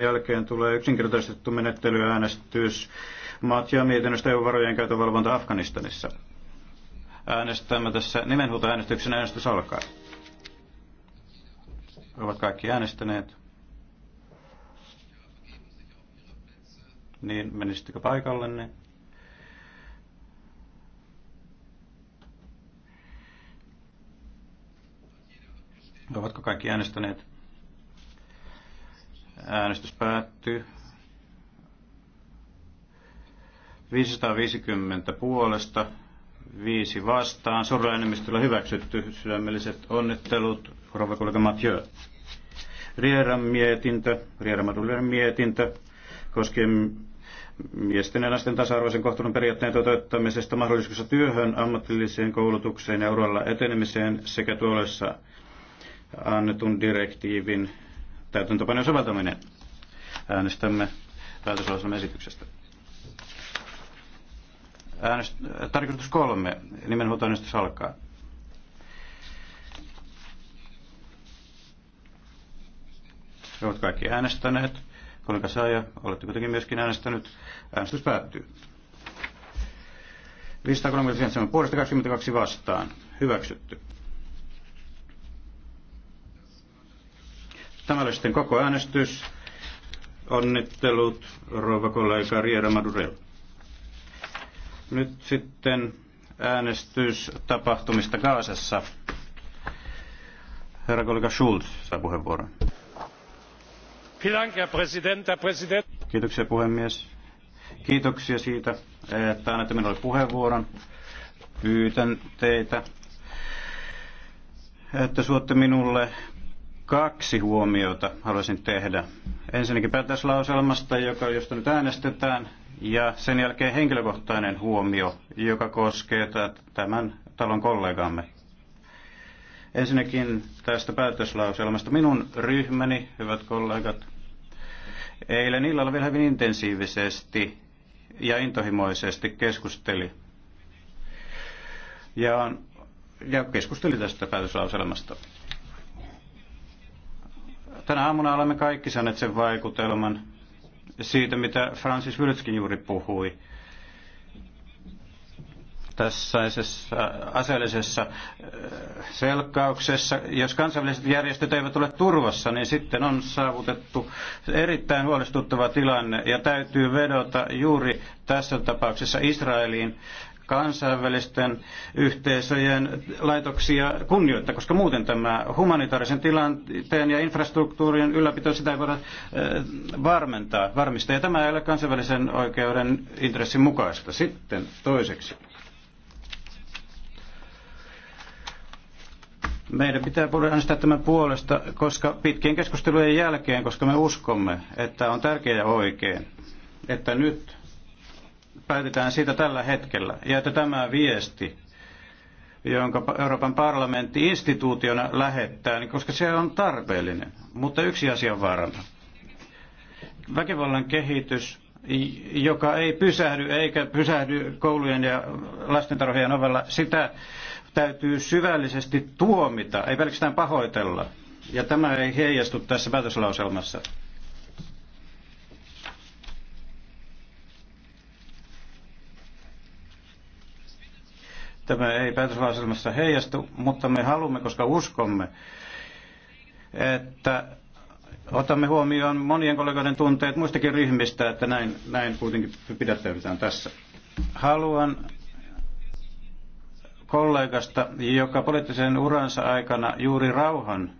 jälkeen tulee yksinkertaistettu menettelyäänestys maat ja mietinnöstä EU-varojen käytön valvonta Afganistanissa. Äänestämme tässä nimenhuutoäänestyksen äänestys alkaa. Ovat kaikki äänestäneet. Niin, menisittekö paikallenne? Ovatko kaikki äänestäneet? Äänestys päättyy. 550 puolesta, 5 vastaan. Suurella enemmistöllä hyväksytty. Sydämelliset onnittelut. Rouva kollega Mathieu. Rieran mietintö, Rieran mietintö koskien miesten ja naisten tasa-arvoisen kohtelun periaatteen toteuttamisesta mahdollisuudessa työhön, ammatilliseen koulutukseen ja uralla etenemiseen sekä tuolessa annetun direktiivin täytäntöpanon soveltaminen. Äänestämme päätöslauselman esityksestä. Äänest... Tarkoitus kolme. Nimenhuutoäänestys alkaa. Ovat kaikki äänestäneet. Kollega Saaja, olette kuitenkin myöskin äänestänyt. Äänestys päättyy. 537 puolesta 22 vastaan. Hyväksytty. Tämä oli sitten koko äänestys. Onnittelut, rouva kollega Riera Madurel. Nyt sitten äänestys tapahtumista Gaasassa. Herra kollega Schulz saa puheenvuoron. Kiitoksia puhemies. Kiitoksia siitä, että annatte minulle puheenvuoron. Pyytän teitä, että suotte minulle Kaksi huomiota haluaisin tehdä. Ensinnäkin päätöslauselmasta, joka, josta nyt äänestetään, ja sen jälkeen henkilökohtainen huomio, joka koskee tämän talon kollegamme. Ensinnäkin tästä päätöslauselmasta. Minun ryhmäni, hyvät kollegat, eilen illalla vielä hyvin intensiivisesti ja intohimoisesti keskusteli. Ja, ja keskusteli tästä päätöslauselmasta. Tänä aamuna olemme kaikki saaneet sen vaikutelman siitä, mitä Francis Wylskin juuri puhui tässä aseellisessa äh, selkkauksessa. Jos kansainväliset järjestöt eivät ole turvassa, niin sitten on saavutettu erittäin huolestuttava tilanne ja täytyy vedota juuri tässä tapauksessa Israeliin, kansainvälisten yhteisöjen laitoksia kunnioittaa, koska muuten tämä humanitaarisen tilanteen ja infrastruktuurien ylläpito, sitä ei voida äh, varmentaa, varmistaa. Ja tämä ei ole kansainvälisen oikeuden intressin mukaista. Sitten toiseksi. Meidän pitää äänestää tämän puolesta, koska pitkien keskustelujen jälkeen, koska me uskomme, että on tärkeää ja oikein, että nyt päätetään siitä tällä hetkellä. Ja että tämä viesti, jonka Euroopan parlamentti instituutiona lähettää, niin koska se on tarpeellinen. Mutta yksi asia on varma. Väkivallan kehitys, joka ei pysähdy eikä pysähdy koulujen ja lastentarhojen ovella, sitä täytyy syvällisesti tuomita, ei pelkästään pahoitella. Ja tämä ei heijastu tässä päätöslauselmassa. Tämä ei päätöslauselmassa heijastu, mutta me haluamme, koska uskomme, että otamme huomioon monien kollegoiden tunteet muistakin ryhmistä, että näin, näin kuitenkin pidättäydytään tässä. Haluan kollegasta, joka poliittisen uransa aikana juuri rauhan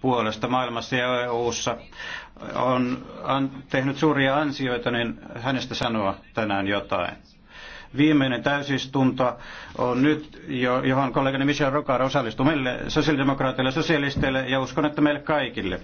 puolesta maailmassa ja EU:ssa on, on tehnyt suuria ansioita, niin hänestä sanoa tänään jotain. Viimeinen täysistunto on nyt, johon kollegani Michel Rocard osallistuu meille sosiaalidemokraateille, sosialisteille ja uskon, että meille kaikille.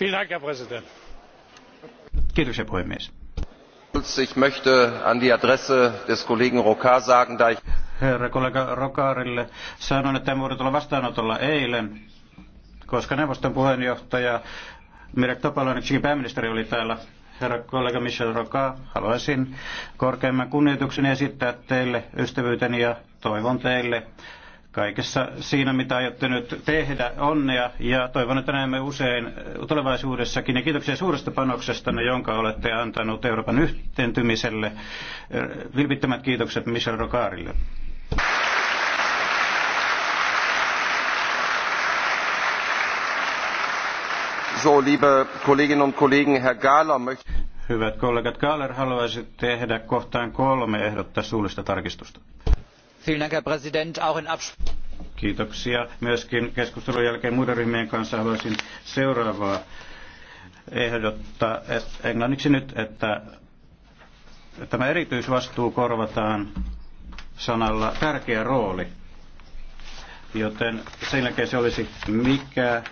herr präsident! ich möchte an die adresse des kollegen rocard sagen da ich. herrakollega rocardille sanon että en voinut olla vastaanotolla eilen koska neuvoston puheenjohtaja Mirek Topalainen, Tsekin pääministeri, oli täällä. Herra kollega Michel Rocard, haluaisin korkeimman kunnioitukseni esittää teille ystävyyteni ja toivon teille kaikessa siinä, mitä aiotte nyt tehdä. Onnea ja toivon, että näemme usein tulevaisuudessakin. Ja kiitoksia suuresta panoksestanne, jonka olette antanut Euroopan yhteentymiselle. Vilpittömät kiitokset Michel Rocarille. So, liebe Kolleginnen und Kollegen, Herr Gahler möchte... Hyvät kollegat, Gahler haluaisi tehdä kohtaan kolme ehdotta suullista tarkistusta herr präsident! auch in Kiitoksia. Myöskin keskustelun jälkeen muiden ryhmien kanssa haluaisin seuraavaa ehdottaa että englanniksi nyt, että tämä erityisvastuu korvataan sanalla tärkeä rooli. Joten sen jälkeen se olisi mikä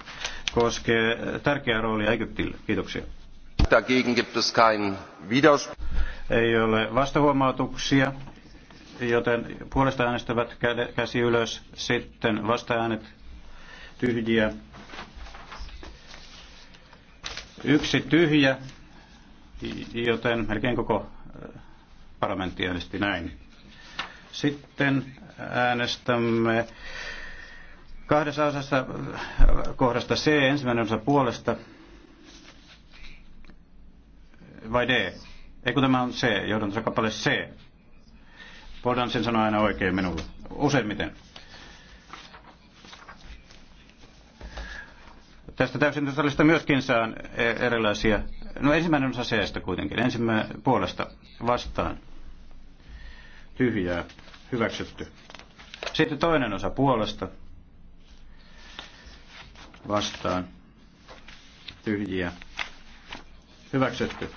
koskee tärkeää roolia Egyptille. Kiitoksia. Dagegen gibt es keinen Widerspruch. Ei ole vastahuomautuksia joten puolesta äänestävät käsi ylös, sitten vastaäänet tyhjiä. Yksi tyhjä, joten melkein koko parlamentti äänesti näin. Sitten äänestämme kahdessa osassa kohdasta C, ensimmäinen osa puolesta, vai D? Ei kun tämä on C, johdantosa kappale C. Voidaan sen sanoa aina oikein minulle. Useimmiten. Tästä täysin salista myöskin saan e- erilaisia. No ensimmäinen osa seestä kuitenkin. Ensimmäinen puolesta vastaan. Tyhjää. Hyväksytty. Sitten toinen osa puolesta. Vastaan. Tyhjiä. Hyväksytty.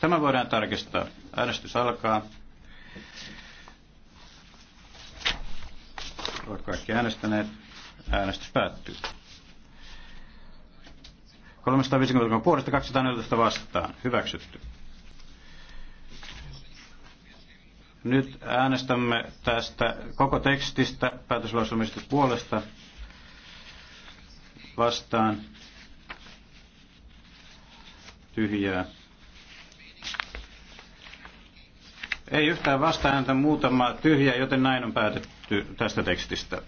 Tämä voidaan tarkistaa. Äänestys alkaa. Ovat kaikki äänestäneet. Äänestys päättyy. 350 puolesta 214 vastaan. Hyväksytty. Nyt äänestämme tästä koko tekstistä päätöslausumista puolesta vastaan tyhjää Ei yhtään vastaajanta, muutama tyhjä, joten näin on päätetty tästä tekstistä.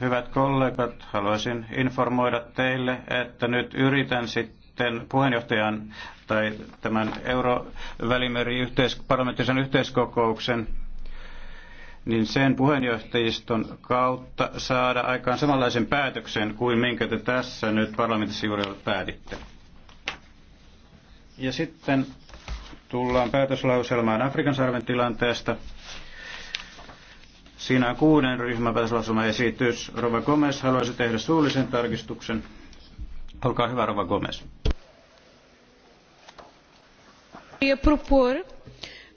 Hyvät kollegat, haluaisin informoida teille, että nyt yritän sitten puheenjohtajan tai tämän Euro-välimeri yhteiskokouksen niin sen puheenjohtajiston kautta saada aikaan samanlaisen päätöksen kuin minkä te tässä nyt parlamentissa juuri päätitte. Ja sitten tullaan päätöslauselmaan Afrikan sarven tilanteesta. Siinä on kuuden ryhmän päätöslauselmaesitys. Rova Gomez haluaisi tehdä suullisen tarkistuksen. Olkaa hyvä, Rova Gomez. Propor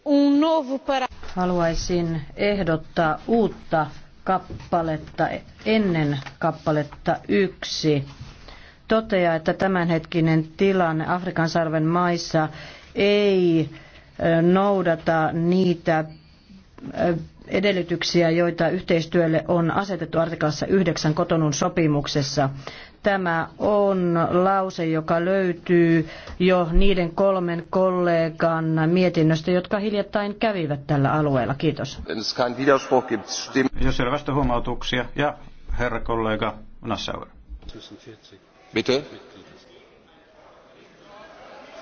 un um novo para haluaisin ehdottaa uutta kappaletta ennen kappaletta yksi. Toteaa, että tämänhetkinen tilanne Afrikan sarven maissa ei noudata niitä edellytyksiä, joita yhteistyölle on asetettu artiklassa 9 kotonun sopimuksessa. Tämä on lause, joka löytyy jo niiden kolmen kollegan mietinnöstä, jotka hiljattain kävivät tällä alueella. Kiitos. Jos ei ole vastahuomautuksia, ja herra kollega Nassauer. Mitä?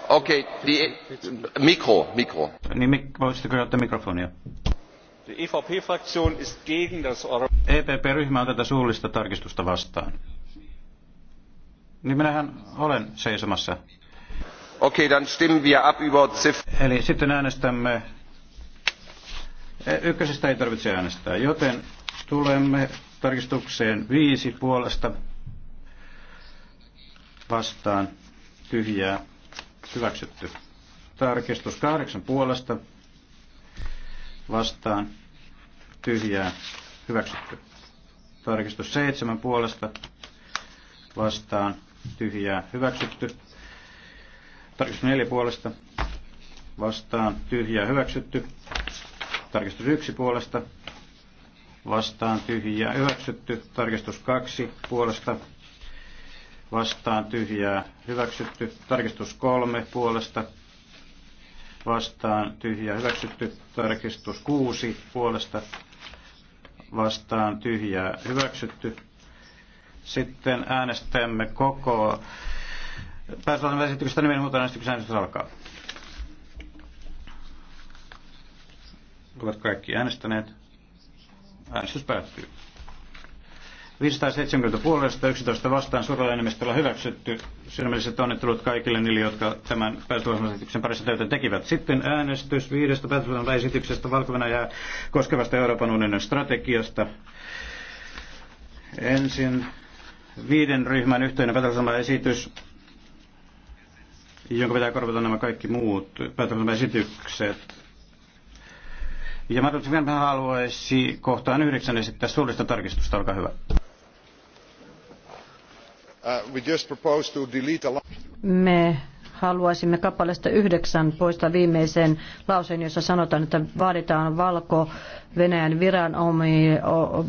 Okei, okay, mikro, mikro. Niin, voisitteko ottaa mikrofonia? EPP-ryhmä e e on tätä suullista tarkistusta vastaan. Niin minähän olen seisomassa. Okei, okay, dann stimmen wir ab über Eli sitten äänestämme. E, ykkösestä ei tarvitse äänestää, joten tulemme tarkistukseen viisi puolesta vastaan tyhjää hyväksytty. Tarkistus kahdeksan puolesta vastaan tyhjää hyväksytty. Tarkistus 7 puolesta vastaan tyhjää hyväksytty. Tarkistus 4 puolesta vastaan tyhjää hyväksytty. Tarkistus 1 puolesta vastaan tyhjää hyväksytty. Tarkistus 2 puolesta vastaan tyhjää hyväksytty. Tarkistus 3 puolesta vastaan tyhjää hyväksytty. Tarkistus 6 puolesta vastaan tyhjää hyväksytty. Sitten äänestämme koko päätöslauselman esityksestä nimen muuta äänestyksen äänestys alkaa. Ovat kaikki äänestäneet. Äänestys päättyy. 570 puolesta, 11 vastaan suurella enemmistöllä hyväksytty. Sydämelliset onnittelut kaikille niille, jotka tämän päätöslauselmaesityksen parissa töitä tekivät. Sitten äänestys viidestä päätöslauselmaesityksestä valko ja koskevasta Euroopan unionin strategiasta. Ensin viiden ryhmän yhteinen päätöslauselmaesitys jonka pitää korvata nämä kaikki muut päätöslauselmaesitykset. Ja mä haluaisi kohtaan yhdeksän esittää suullista tarkistusta, olkaa hyvä. Uh, Me haluaisimme kappaleesta yhdeksän poistaa viimeisen lauseen, jossa sanotaan, että vaaditaan valko Venäjän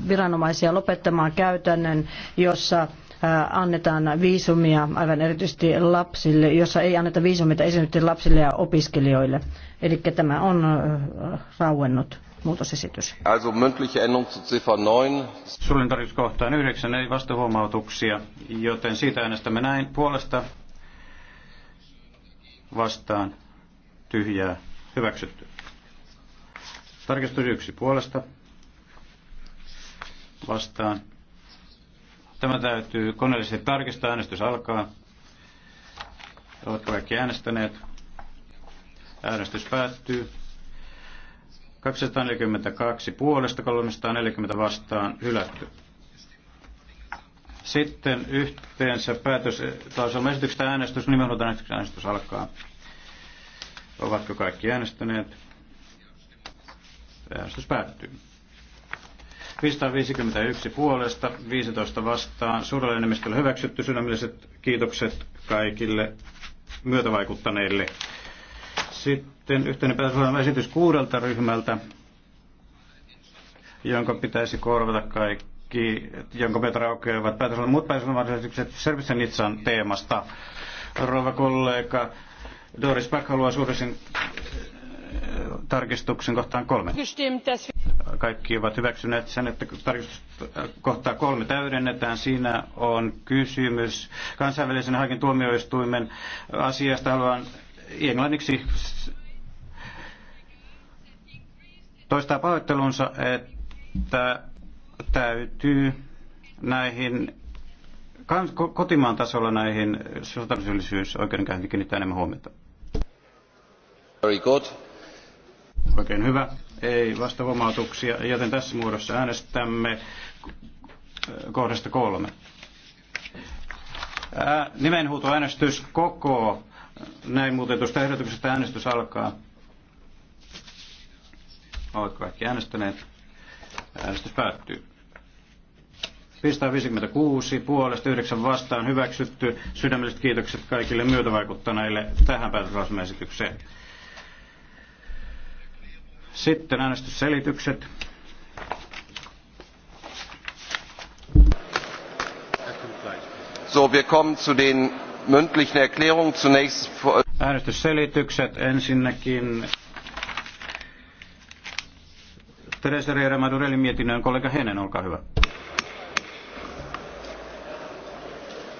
viranomaisia lopettamaan käytännön, jossa uh, annetaan viisumia aivan erityisesti lapsille, jossa ei anneta viisumia esimerkiksi lapsille ja opiskelijoille. Eli tämä on uh, rauennut muutosesitys. Also mündliche Änderung zu Ziffer 9. Suullinen tarkistus kohtaan 9 ei vastahuomautuksia, joten siitä äänestämme näin puolesta vastaan tyhjää hyväksytty. Tarkistus 1 puolesta vastaan. Tämä täytyy koneellisesti tarkistaa. Äänestys alkaa. Oletko kaikki äänestäneet? Äänestys päättyy. 242 puolesta, 340 vastaan hylätty. Sitten yhteensä päätös, esityksestä äänestys, nimenomaan äänestys alkaa. Ovatko kaikki äänestäneet? Äänestys päättyy. 551 puolesta, 15 vastaan, suurella enemmistöllä hyväksytty, sydämelliset kiitokset kaikille myötävaikuttaneille. Sitten yhteinen päätöslauselma esitys kuudelta ryhmältä, jonka pitäisi korvata kaikki, jonka meitä raukeavat päätöslauselmat, muut päätöslauselmaesitykset Servicenitsan teemasta. Rouva kollega Doris Back haluaa suurisin äh, tarkistuksen kohtaan kolme. Kaikki ovat hyväksyneet sen, että tarkistus äh, kohtaa kolme täydennetään. Siinä on kysymys kansainvälisen hakin tuomioistuimen asiasta. Haluan englanniksi toistaa pahoittelunsa, että täytyy näihin kans, kotimaan tasolla näihin sotasyyllisyysoikeudenkäyntiin kiinnittää enemmän huomiota. Very good. Oikein hyvä. Ei huomautuksia, joten tässä muodossa äänestämme kohdasta kolme. Nimenhuutoäänestys koko näin tuosta ehdotuksesta äänestys alkaa. Oletko kaikki äänestäneet? Äänestys päättyy. 556 puolesta 9 vastaan hyväksytty. Sydämelliset kiitokset kaikille myötävaikuttaneille tähän päätöslausumaesitykseen. Sitten äänestysselitykset. So, wir kommen zu den mündlichen Erklärung zunächst... Äänestysselitykset ensinnäkin Teresa Reira Madurellin mietinnön kollega Henen, olkaa hyvä.